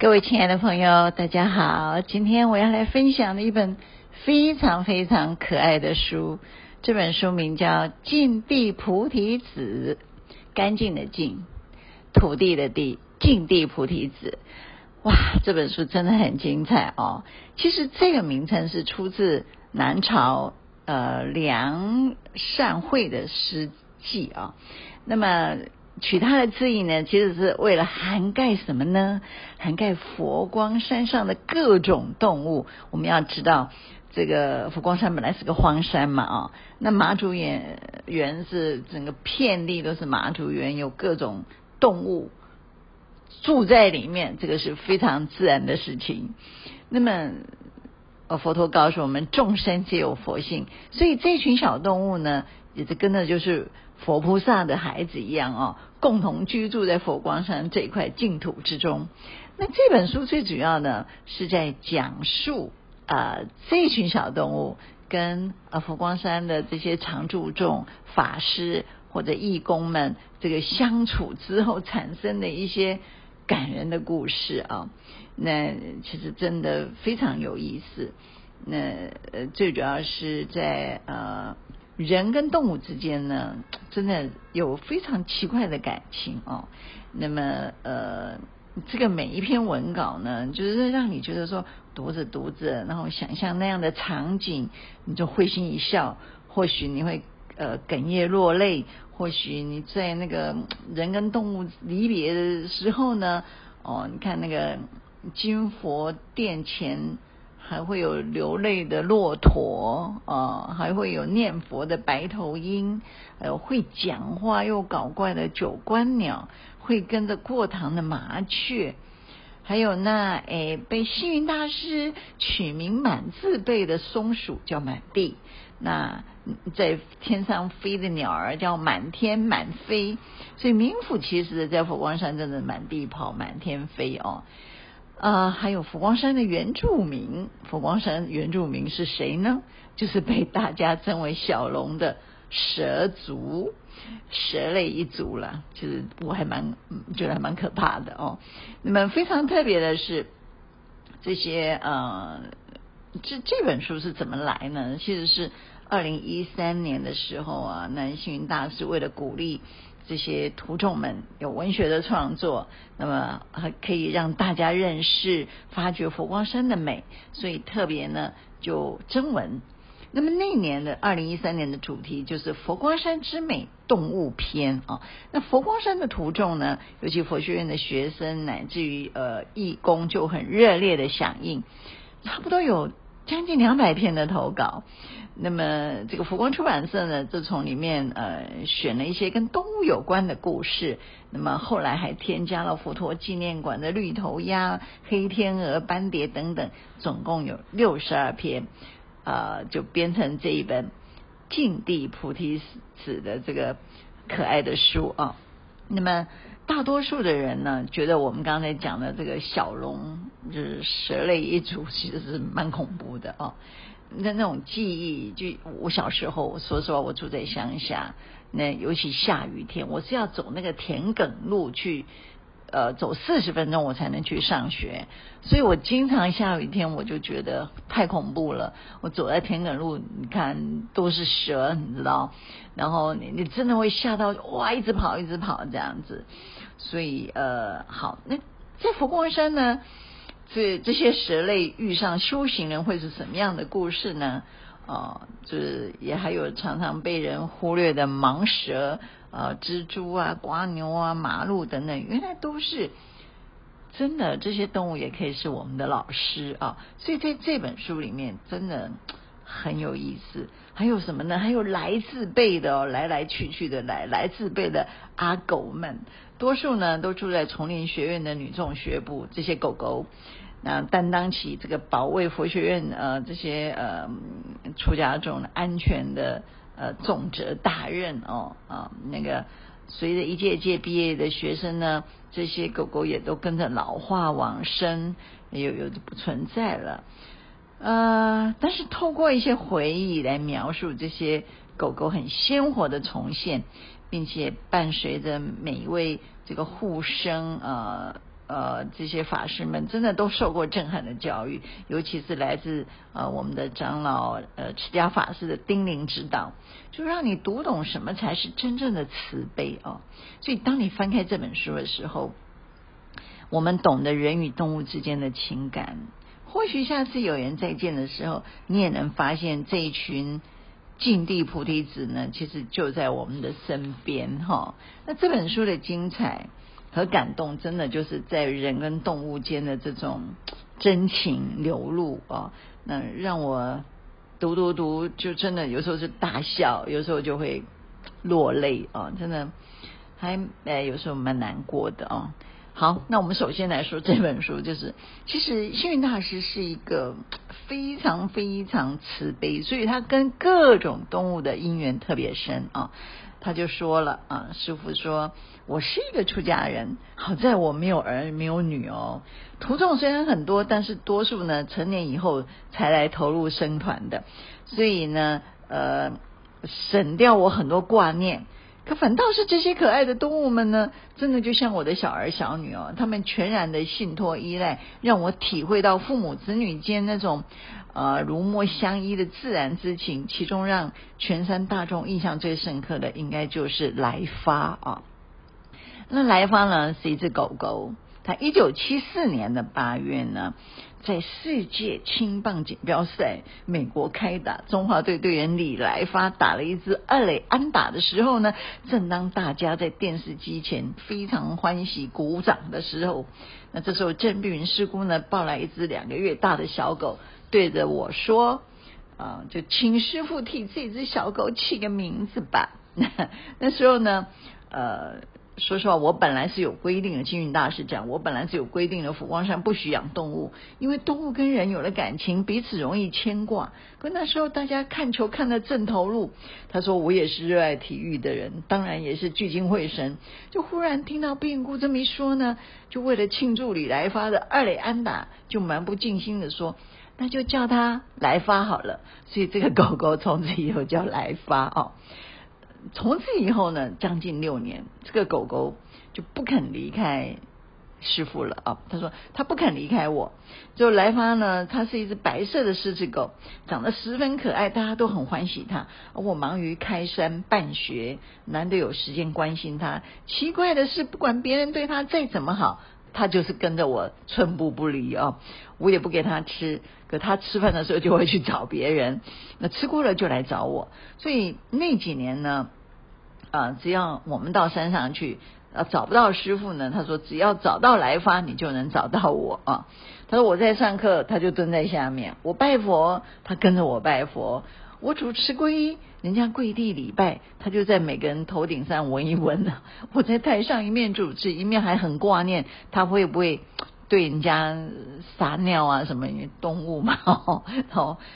各位親愛的朋友，大家好！今天我要來分享的一本非常非常可愛的書，這本書名叫《淨地菩提子》，乾淨的淨，土地的地，淨地菩提子。哇，這本書真的很精彩哦！其實這個名稱是出自南朝呃梁善慧的詩記啊、哦。那麼。取它的字義呢，其實是為了涵蓋什麼呢？涵蓋佛光山上的各種動物。我們要知道，這個佛光山本來是個荒山嘛，啊、哦，那麻竹園園是整個遍地都是麻竹園，有各種動物住在裡面，這個是非常自然的事情。那麼，呃、哦、佛陀告訴我們，眾生皆有佛性，所以這群小動物呢。也是跟那，就是佛菩薩的孩子一樣哦，共同居住在佛光山這一塊淨土之中。那這本書最主要呢，是在講述啊、呃，這群小動物跟啊、呃、佛光山的這些常住眾法師或者義工們這個相處之後產生的一些感人的故事啊、哦。那其實真的非常有意思。那呃，最主要是在呃。人跟動物之間呢，真的有非常奇怪的感情哦。那麼，呃，這個每一篇文稿呢，就是讓你覺得說，讀着讀着，然後想象那樣的場景，你就會心一笑；或許你會呃哽咽落淚；或許你在那個人跟動物離別的時候呢，哦，你看那個金佛殿前。還會有流淚的駱駝啊、哦，還會有念佛的白頭翁，還有會講話又搞怪的九官鳥，會跟着過堂的麻雀，還有那哎被星雲大師取名滿字輩的松鼠叫滿地，那在天上飛的鳥兒叫滿天滿飛，所以名副其實的在佛光山真的滿地跑，滿天飛哦。啊、呃，還有佛光山的原住民，佛光山原住民是誰呢？就是被大家稱為小龍的蛇族，蛇類一族啦，就是我還蠻覺得還蠻可怕的哦。那麼非常特別的是，這些呃，這這本書是怎麼來呢？其實是二零一三年的時候啊，南星雲大師為了鼓勵。這些徒眾們有文學的創作，那麼還可以讓大家認識、發掘佛光山的美，所以特別呢就徵文。那麼那年的二零一三年的主題就是佛光山之美動物篇啊、哦。那佛光山的徒眾呢，尤其佛學院的學生乃至於呃義工就很熱烈的響應，差不多有。將近兩百篇的投稿，那麼這個佛光出版社呢，就從裡面呃選了一些跟動物有關的故事，那麼後來還添加了佛陀紀念館的綠頭鴨、黑天鵝、斑蝶等等，總共有六十二篇，啊、呃，就編成這一本《淨地菩提子》的這個可愛的書啊、哦，那麼。大多數的人呢，覺得我們剛才講的這個小龍，就是蛇類一族，其實是蠻恐怖的哦。那那種記憶，就我小時候，我說實話，我住在鄉下，那尤其下雨天，我是要走那個田埂路去，呃，走四十分鐘我才能去上學，所以我經常下雨天我就覺得太恐怖了。我走在田埂路，你看都是蛇，你知道，然後你你真的會嚇到哇，一直跑一直跑這樣子。所以呃，好，那在佛光山呢，這這些蛇類遇上修行人會是什麼樣的故事呢？啊、哦，就是也還有常常被人忽略的盲蛇，呃、蜘蛛啊，蝸牛啊，啊，啊，馬陸等等，原來都是真的，這些動物也可以是我們的老師啊。所以在這本書裡面真的很有意思。還有什麼呢？還有來自備的哦，來來去去的來來自備的阿狗們。多數呢，都住在叢林學院的女眾學部，這些狗狗，那擔當起這個保衛佛學院呃，這些呃出家眾的安全的呃重責大任哦，啊，那個隨着一屆屆畢業的學生呢，這些狗狗也都跟着老化往生，有有的不存在了。呃，但是透過一些回憶來描述這些狗狗，很鮮活的重現，並且伴隨着每一位這個護生呃呃這些法師們，真的都受過震撼的教育，尤其是來自呃我們的長老呃持家法師的叮嚀指導，就讓你讀懂什麼才是真正的慈悲哦。所以當你翻開這本書的時候，我們懂得人與動物之間的情感。或許下次有緣再見的時候，你也能發現這一群淨地菩提子呢，其實就在我們的身邊哈、哦。那這本書的精彩和感動，真的就是在人跟動物間的這種真情流露啊、哦。那讓我讀讀讀，就真的有時候是大笑，有時候就會落淚啊、哦，真的還、呃、有時候蠻難過的啊。哦好，那我們首先來說這本書，就是其實星雲大師是一個非常非常慈悲，所以他跟各種動物的因緣特別深啊、哦。他就說了啊，師父說，我是一個出家人，好在我沒有兒沒有女哦。徒眾雖然很多，但是多數呢，成年以後才來投入僧團的，所以呢，呃，省掉我很多掛念。可反倒是這些可愛的動物們呢，真的就像我的小兒小女哦，他們全然的信托依賴，讓我體會到父母子女間那種呃如墨相依的自然之情。其中讓全山大眾印象最深刻的，應該就是來發啊、哦。那來發呢，是一隻狗狗。一九七四年的八月呢，在世界青棒錦標賽美國開打，中華隊隊員李來發打了一支二壘安打的時候呢，正當大家在電視機前非常歡喜鼓掌的時候，那這時候鄭碧雲師姑呢抱來一只兩個月大的小狗，對着我說：“啊、呃，就請師傅替這只小狗起個名字吧。”那那時候呢，呃。說實話，我本來是有規定的。星雲大師講，我本來是有規定的，佛光山不許養動物，因為動物跟人有了感情，彼此容易牽掛。可那時候大家看球看得正投入，他說我也是熱愛體育的人，當然也是聚精會神。就忽然聽到病故這麼一說呢，就為了慶祝李來發的二壘安打，就漫不經心的說，那就叫他來發好了。所以這個狗狗從此以後叫來發哦。從此以後呢，將近六年，這個狗狗就不肯離開師父了啊。他、哦、說他不肯離開我。後來發呢，它是一隻白色的獅子狗，長得十分可愛，大家都很歡喜它。我忙於開山辦學，難得有時間關心它。奇怪的是，不管別人對它再怎麼好，它就是跟着我寸步不離啊、哦。我也不給它吃。可他吃飯的時候就會去找別人，那吃過了就來找我。所以那幾年呢，啊，只要我們到山上去，啊，找不到師父呢，他說只要找到來發，你就能找到我啊。他說我在上課，他就蹲在下面。我拜佛，他跟着我拜佛。我主持皈依，人家跪地禮拜，他就在每個人頭頂上聞一聞呢。我在台上一面主持，一面還很掛念他會不會。對人家撒尿啊什麼？因為動物嘛，哦，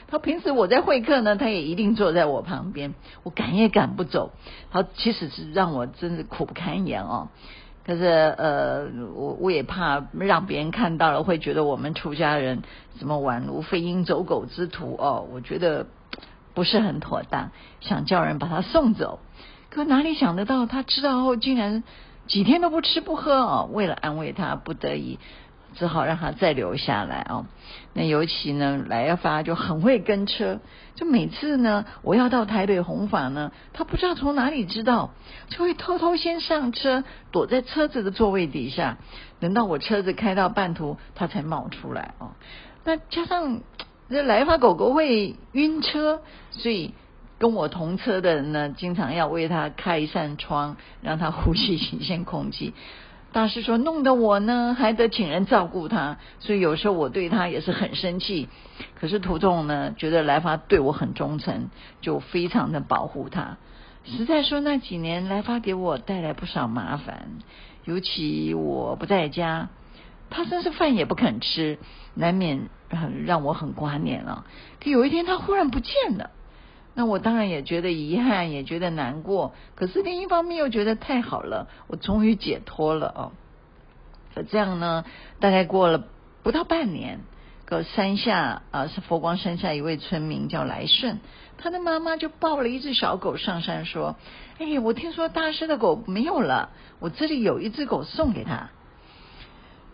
他平時我在會客呢，他也一定坐在我旁邊，我趕也趕不走。好，其實是讓我真的苦不堪言哦。可是呃，我我也怕讓別人看到了，會覺得我們出家人什麼宛如飛鷹走狗之徒哦。我覺得不是很妥當，想叫人把他送走。可哪裡想得到，他知道後竟然幾天都不吃不喝哦。為了安慰他，不得已。只好讓他再留下來啊、哦！那尤其呢，來發就很會跟車，就每次呢，我要到台北弘法呢，他不知道從哪裡知道，就會偷偷先上車，躲在車子的座位底下。等到我車子開到半途，他才冒出來哦。那加上這來發狗狗會暈車，所以跟我同車的人呢，經常要為他開一扇窗，讓他呼吸新鮮空氣。大師說：“弄得我呢，還得請人照顧他，所以有時候我對他也是很生氣。可是徒眾呢，覺得來發對我很忠誠，就非常的保護他。實在說，那幾年來發給我帶來不少麻煩，尤其我不在家，他真是飯也不肯吃，難免很、呃、讓我很掛念了、哦。可有一天，他忽然不見了。”那我當然也覺得遺憾，也覺得難過。可是另一方面又覺得太好了，我終於解脫了哦。這樣呢，大概過了不到半年，個山下啊是佛光山下一位村民叫來順，他的媽媽就抱了一隻小狗上山，說：“哎，我聽說大師的狗沒有了，我這裡有一隻狗送給他。”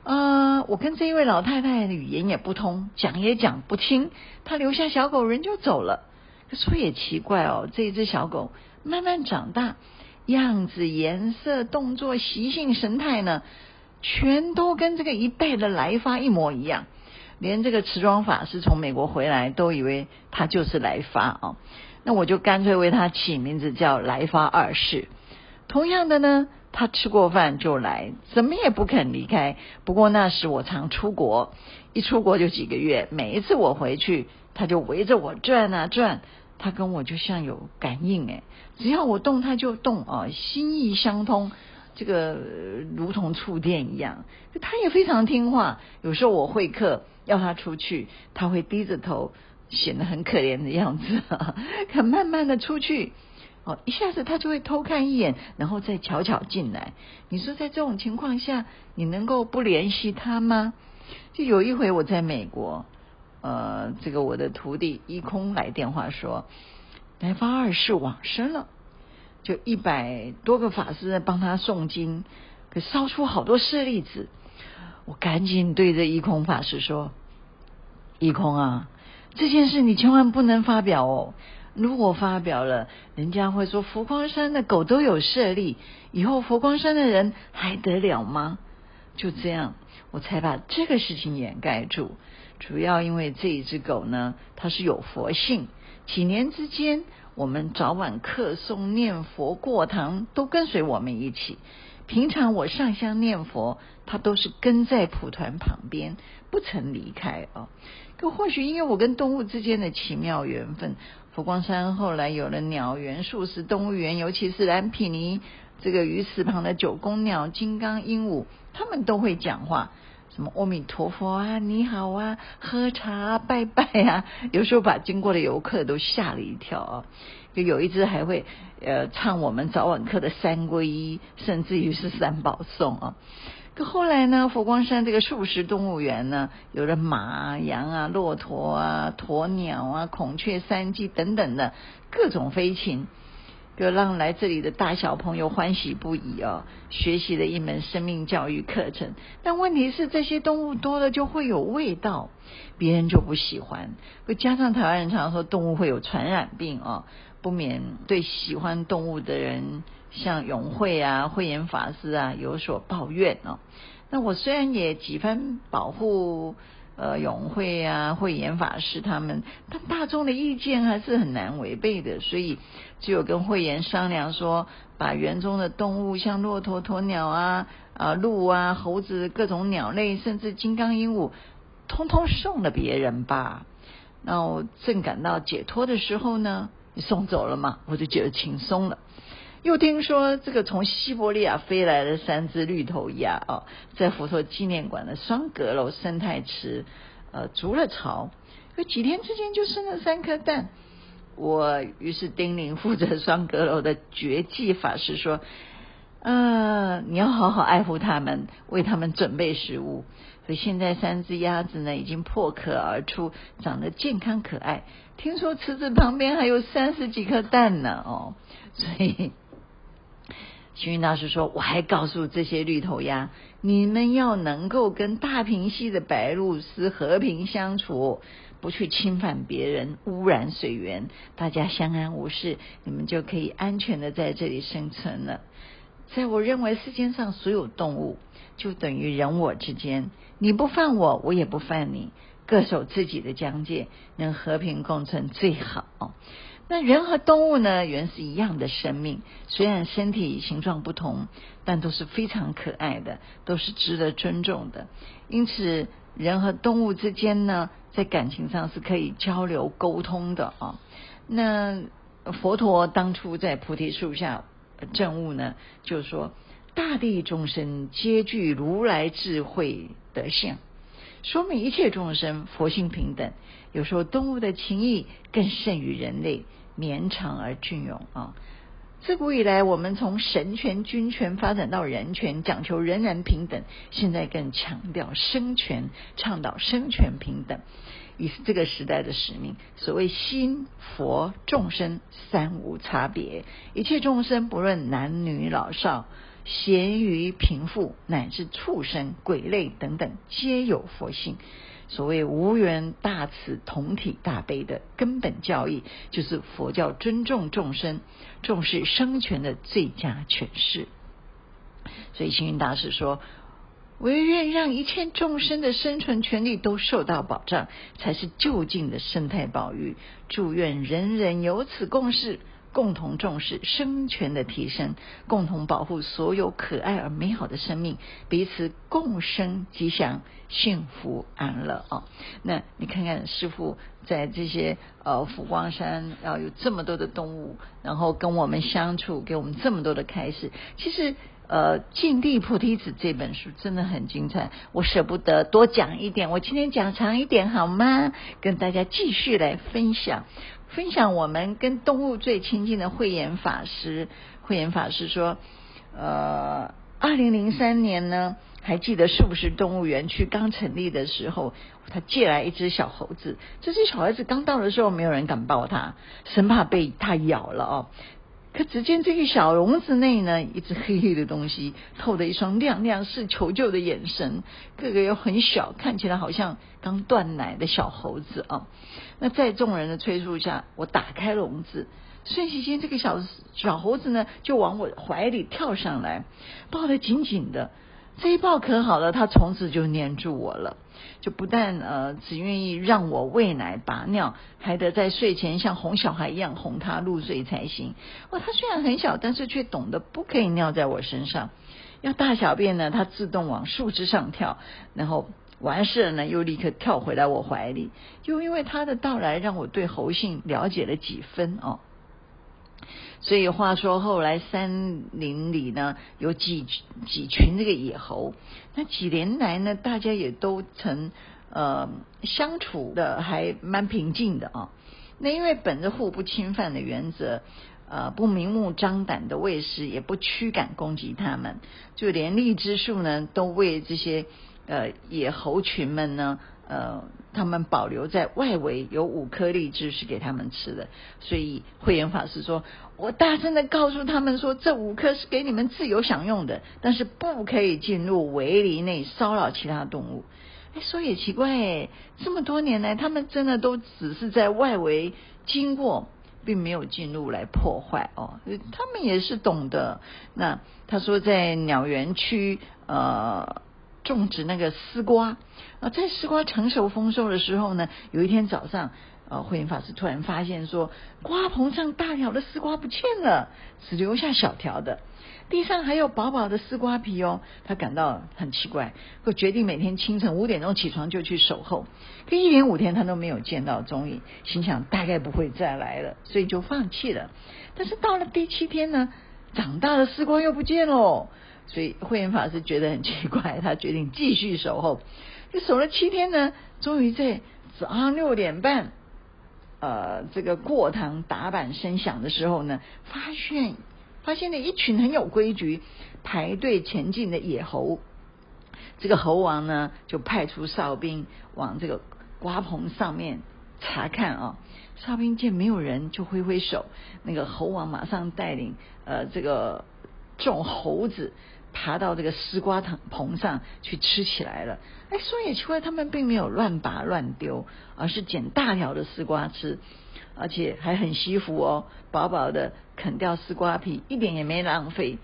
呃，啊，我跟這一位老太太的語言也不通，講也講不聽，她留下小狗，人就走了。可說也奇怪哦，這一只小狗慢慢長大，樣子、顏色、動作、習性、神態呢，全都跟這個一代的來發一模一樣。連這個持裝法師從美國回來都以為它就是來發哦。那我就乾脆為它起名字叫來發二世。同樣的呢，它吃過飯就來，怎麼也不肯離開。不過那時我常出國，一出國就幾個月。每一次我回去，它就圍着我轉啊轉。他跟我就像有感應哎，只要我動他就動啊，哦，心意相通，這個、呃、如同觸電一樣。他也非常聽話，有時候我會客要他出去，他會低着頭，顯得很可憐的樣子，啊，可慢慢的出去。哦，一下子他就會偷看一眼，然後再悄悄進來。你說在這種情況下，你能夠不聯繫他嗎？就有一回我在美國。呃，這個我的徒弟一空來電話說，來發二世往生了，就一百多個法師在幫他誦經，可燒出好多舍利子。我趕緊對着一空法師說：“一空啊，這件事你千萬不能發表哦，如果發表了，人家會說佛光山的狗都有舍利，以後佛光山的人還得了嗎？”就這樣，我才把這個事情掩蓋住。主要因為這一隻狗呢，它是有佛性。幾年之間，我們早晚課誦念佛、過堂，都跟隨我們一起。平常我上香念佛，它都是跟在蒲團旁邊，不曾離開啊、哦。可或許因為我跟動物之間的奇妙緣分，佛光山後來有了鳥園、素食動物園，尤其是藍毘尼。這個魚池旁的九官鳥、金剛鸚鵡，他們都會講話，什麼阿彌陀佛啊，你好啊，喝茶啊，拜拜啊。有時候把經過的遊客都嚇了一跳啊。就有一隻還會呃唱我們早晚課的三皈依，甚至於是三寶頌啊。可後來呢，佛光山這個素食動物園呢，有了馬啊、羊啊、駱駝啊、鴕鳥啊、鴕鳥啊、孔雀、山雞等等的各種飛禽。就讓來這裡的大小朋友歡喜不已哦，學習了一門生命教育課程。但問題是，這些動物多了就會有味道，別人就不喜歡。會加上台灣人常常說動物會有傳染病哦，不免對喜歡動物的人，像永慧啊、慧眼法師啊有所抱怨哦。那我雖然也幾番保護。呃，永慧啊，慧嚴法師他們，但大眾的意見還是很難違背的，所以只有跟慧嚴商量說，把園中的動物，像駱駝、鴕鳥啊，啊鹿啊、猴子、各種鳥類，甚至金剛鸚鵡，通通送了別人吧。那我正感到解脫的時候呢，你送走了嘛，我就覺得輕鬆了。又聽說這個從西伯利亞飛來的三隻綠頭鴨啊、哦，在佛陀紀念館的雙閣樓生態池呃築了巢，可幾天之間就生了三顆蛋。我於是叮嚀負責雙閣樓的絕技法師說：“嗯、呃，你要好好愛護他們，為他們準備食物。”所以現在三隻鴨子呢已經破殼而出，長得健康可愛。聽說池子旁邊還有三十幾顆蛋呢哦，所以。星雲大師說：“我還告訴這些綠頭鴨，你們要能夠跟大平溪的白鷺鷥和平相處，不去侵犯別人，汙染水源，大家相安無事，你們就可以安全的在這裡生存了。在我認為，世界上所有動物就等於人我之間，你不犯我，我也不犯你，各守自己的疆界，能和平共存最好。”那人和動物呢，原是一樣的生命，雖然身體形狀不同，但都是非常可愛的，都是值得尊重的。因此，人和動物之間呢，在感情上是可以交流溝通的啊、哦。那佛陀當初在菩提樹下證悟呢，就說：大地眾生皆具如來智慧德相，說明一切眾生佛性平等。有時候，動物的情誼更勝於人類。綿長而雋永啊！自古以來，我們從神權、君權發展到人權，講求人人平等。現在更強調生權，倡導生權平等，也是這個時代的使命。所謂心佛眾生三無差別，一切眾生不論男女老少、賢愚、貧富，乃至畜生、鬼類等等，皆有佛性。所謂無緣大慈，同體大悲的根本教義，就是佛教尊重眾生、重視生權的最佳詮釋。所以星雲大師說：“唯願讓一切眾生的生存權利都受到保障，才是究竟的生態保育。祝願人人有此共識。”共同重視生權的提升，共同保護所有可愛而美好的生命，彼此共生吉祥、幸福、安樂啊、哦！那你看看師父在這些呃佛光山要有這麼多的動物，然後跟我們相處，給我們這麼多的開示。其實呃，《淨地菩提子》這本書真的很精彩，我捨不得多講一點。我今天講長一點好嗎？跟大家繼續來分享。分享我們跟動物最親近的慧眼法師，慧眼法師說，呃，二零零三年呢，還記得是不是動物園區剛成立的時候，他借來一隻小猴子，這隻小猴子剛到的時候，沒有人敢抱它，生怕被它咬了哦。可只見這個小籠子內呢，一只黑黑的東西，透着一雙亮亮似求救的眼神，個個又很小，看起來好像剛斷奶的小猴子啊。那在眾人的催促下，我打開籠子，瞬息間這個小小猴子呢就往我懷裡跳上來，抱得緊緊的。這一抱可好了，它從此就黏住我了。就不但呃只願意讓我餵奶、把尿，還得在睡前像哄小孩一樣哄他入睡才行。哇，他雖然很小，但是卻懂得不可以尿在我身上，要大小便呢，他自動往樹枝上跳，然後完事了呢又立刻跳回來我懷裡。就因為他的到來，讓我對猴性了解了幾分哦。所以話說，後來山林裡呢有幾幾群這個野猴，那幾年來呢，大家也都曾呃相處的還蠻平靜的啊、哦。那因為本着互不侵犯的原則，呃，不明目張膽的餵食，也不驅趕攻擊他們，就連荔枝樹呢，都為這些呃野猴群們呢。呃，他們保留在外圍有五顆荔枝是給他們吃的，所以慧眼法師說：“我大聲的告訴他們說，這五顆是給你們自由享用的，但是不可以進入圍籬內騷擾其他動物。誒”哎，說也奇怪誒，這麼多年來，他們真的都只是在外圍經過，並沒有進入來破壞哦。他們也是懂得。那他說在鳥園區，呃。種植那個絲瓜啊、呃，在絲瓜成熟豐收的時候呢，有一天早上，呃，慧雲法師突然發現說，瓜棚上大條的絲瓜不見了，只留下小條的，地上還有薄薄的絲瓜皮哦。他感到很奇怪，就決定每天清晨五點鐘起床就去守候。可一連五天他都沒有見到蹤影，心想大概不會再來了，所以就放棄了。但是到了第七天呢，長大的絲瓜又不見了。所以慧遠法師覺得很奇怪，他決定繼續守候。就守了七天呢，終於在早上六點半，呃，這個過堂打板聲響的時候呢，發現發現了一群很有規矩排隊前進的野猴。這個猴王呢，就派出哨兵往這個瓜棚上面查看啊、哦。哨兵見沒有人，就揮揮手。那個猴王馬上帶領呃這個眾猴子。爬到這個絲瓜藤棚上去吃起來了。哎，說也奇怪，他們並沒有亂拔亂丟，而是撿大條的絲瓜吃，而且還很惜福哦，飽飽的啃掉絲瓜皮，一點也沒浪費。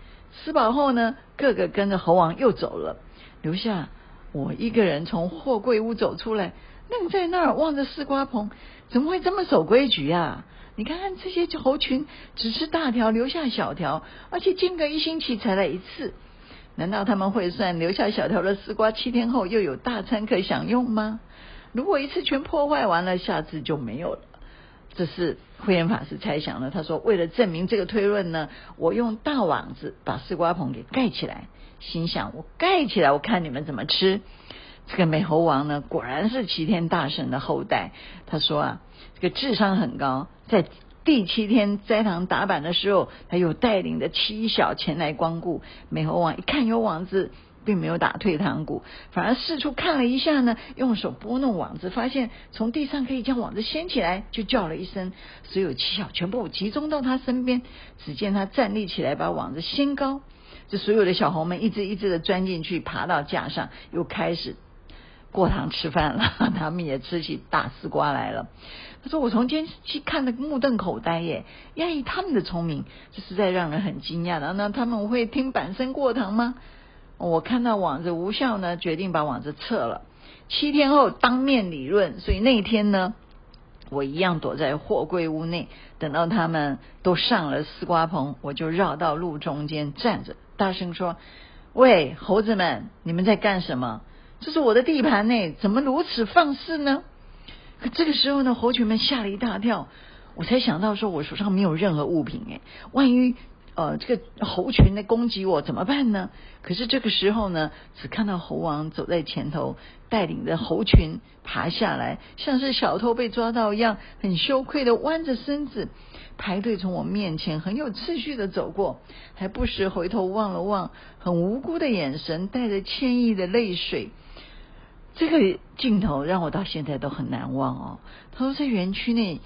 吃飽後呢，個個跟着猴王又走了，留下我一個人從貨櫃屋走出來，愣在那兒望着絲瓜棚，怎麼會這麼守規矩啊？你看看這些猴群，只吃大條，留下小條，而且間隔一星期才來一次。難道他們會算留下小條的絲瓜，七天後又有大餐可以享用嗎？如果一次全破壞完了，下次就沒有了。這是慧嚴法師猜想的。他說，為了證明這個推論呢，我用大網子把絲瓜棚給蓋起來，心想我蓋起來，我看你們怎麼吃。這個美猴王呢，果然是齊天大聖的後代。他說啊，這個智商很高，在。第七天齋堂打板的時候，他又帶領着妻小前來光顧。美猴王一看有網子，並沒有打退堂鼓，反而四處看了一下呢，用手撥弄網子，發現從地上可以將網子掀起來，就叫了一聲，所有妻小全部集中到他身邊。只見他站立起來，把網子掀高，這所有的小猴們一隻一隻的鑽進去，爬到架上，又開始。過堂吃飯了，他們也吃起大絲瓜來了。他說：“我從監視器看得，目瞪口呆耶！呀，以他們的聰明，這實在讓人很驚訝的。那他們會聽板聲過堂嗎？我看到網子無效呢，決定把網子撤了。七天後當面理論，所以那天呢，我一樣躲在貨櫃屋內，等到他們都上了絲瓜棚，我就繞到路中間站着，大聲說：‘喂，猴子們，你們在幹什麼？’”這是我的地盤呢，怎麼如此放肆呢？可這個時候呢，猴群們嚇了一大跳。我才想到說，我手上沒有任何物品哎，萬一呃這個猴群來攻擊我怎麼辦呢？可是這個時候呢，只看到猴王走在前頭，帶領着猴群爬下來，像是小偷被抓到一樣，很羞愧的彎着身子排隊從我面前很有秩序的走過，還不時回頭望了望，很無辜的眼神，帶着歉意的淚水。這個鏡頭讓我到現在都很難忘哦。他說，在園區內，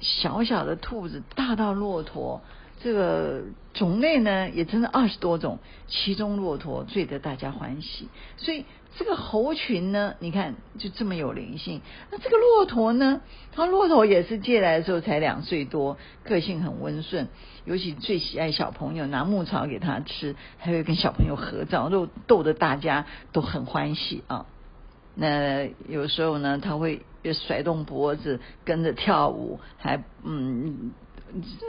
小小的兔子，大到駱駝，這個種類呢也真的二十多種，其中駱駝最得大家歡喜。所以這個猴群呢，你看就這麼有靈性。那這個駱駝呢，他駱駝也是借來的時候才兩歲多，個性很溫順，尤其最喜愛小朋友拿牧草給它吃，還會跟小朋友合照，逗得大家都很歡喜啊。那有時候呢，他會甩動脖子跟着跳舞，還嗯，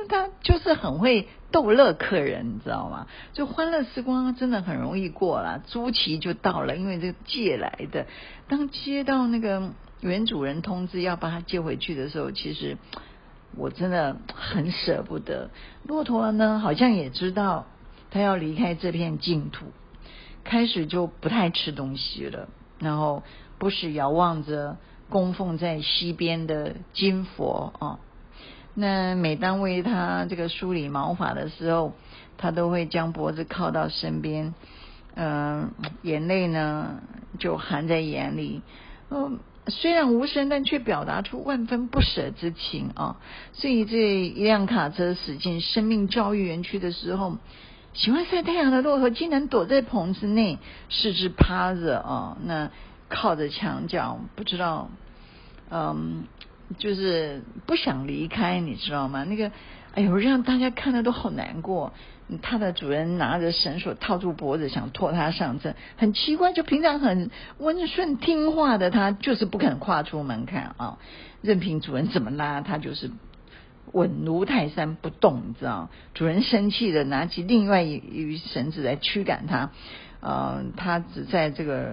他就是很會逗樂客人，你知道嗎？就歡樂時光真的很容易過啦，租期就到了，因為這借來的。當接到那個原主人通知要把他借回去的時候，其實我真的很捨不得。駱駝呢，好像也知道他要離開這片淨土，開始就不太吃東西了。然後不時遙望着供奉在西邊的金佛啊、哦，那每當為他這個梳理毛髮的時候，他都會將脖子靠到身邊，嗯、呃，眼淚呢就含在眼裡，嗯、哦，雖然無聲，但卻表達出萬分不捨之情啊、哦。所以這一輛卡車駛進生命教育園區的時候。喜歡曬太陽的駱駝竟然躲在棚子內，四肢趴着哦，那靠着牆角，不知道，嗯，就是不想離開，你知道嗎？那個，哎呦，讓大家看了都好難過。它的主人拿着繩索套住脖子，想拖它上車。很奇怪。就平常很溫順聽話的它，就是不肯跨出門檻啊、哦！任憑主人怎麼拉，它就是。穩如泰山不動，你知道？主人生氣地拿起另外一一,一繩子來驅趕它。呃，它只在這個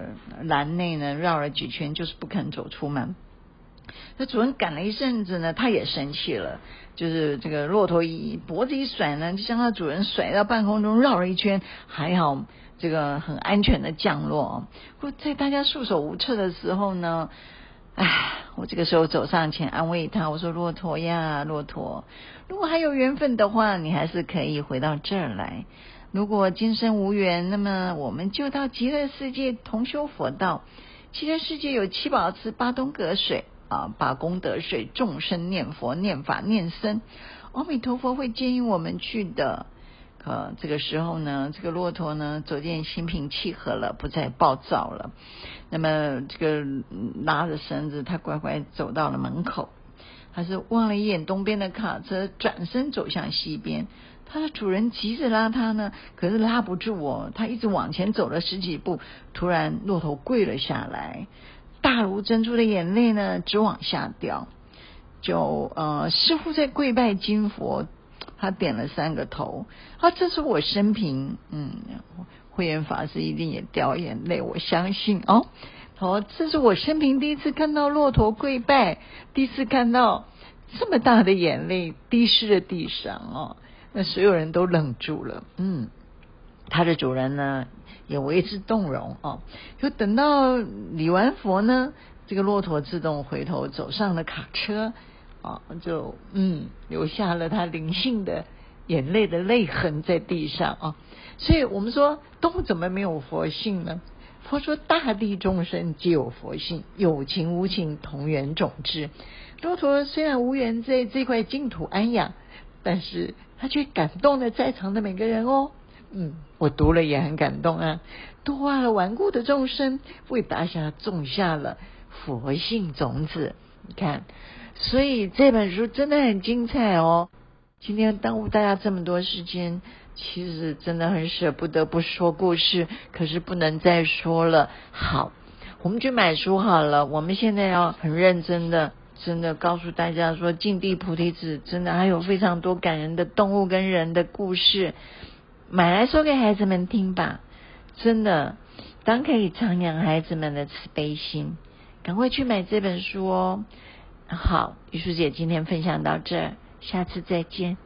欄內呢繞了幾圈，就是不肯走出門。那主人趕了一陣子呢，他也生氣了，就是這個駱駝一脖子一甩呢，就將它主人甩到半空中繞了一圈，還好這個很安全的降落。或在大家束手無策的時候呢。唉，我這個時候走上前安慰他，我說：“駱駝呀，駱駝，如果還有緣分的話，你還是可以回到這兒來。如果今生無緣，那麼我們就到極樂世界同修佛道。極樂世界有七寶池、八功德水啊，八功德水眾生念佛、念法、念僧，阿彌陀佛會接引我們去的。”呃，這個時候呢，這個駱駝呢，逐漸心平氣和了，不再暴躁了。那麼，這個拉着繩子，他乖乖走到了門口，還是望了一眼東邊的卡車，轉身走向西邊。他的主人急着拉他呢，可是拉不住哦，他一直往前走了十幾步，突然駱駝跪了下來，大如珍珠的眼淚呢，直往下掉，就呃，似乎在跪拜金佛。他點了三個頭，啊，這是我生平，嗯，慧遠法師一定也掉眼淚，我相信哦，哦，這是我生平第一次看到駱駝跪拜，第一次看到這麼大的眼淚滴濕了地上哦，那所有人都愣住了，嗯，它的主人呢也為之動容哦，就等到禮完佛呢，這個駱駝自動回頭走上了卡車。啊、哦，就嗯，留下了他靈性的眼淚的淚痕在地上啊、哦。所以，我們說，駝怎麼沒有佛性呢？佛說，大地眾生皆有佛性，有情無情同圓種智。駱駝雖然無緣在這塊淨土安養，但是他卻感動了在場的每個人哦。嗯，我讀了也很感動啊。駝啊頑固的眾生，為大家種下了佛性種子。你看。所以這本書真的很精彩哦！今天耽誤大家這麼多時間，其實真的很捨不得不說故事，可是不能再說了。好，我們去買書好了。我們現在要很認真的，真的告訴大家說，《淨地菩提子》真的還有非常多感人的動物跟人的故事，買來說給孩子們聽吧。真的，當可以培養孩子們的慈悲心。趕快去買這本書哦！好，羽書姐，今天分享到這兒，下次再見。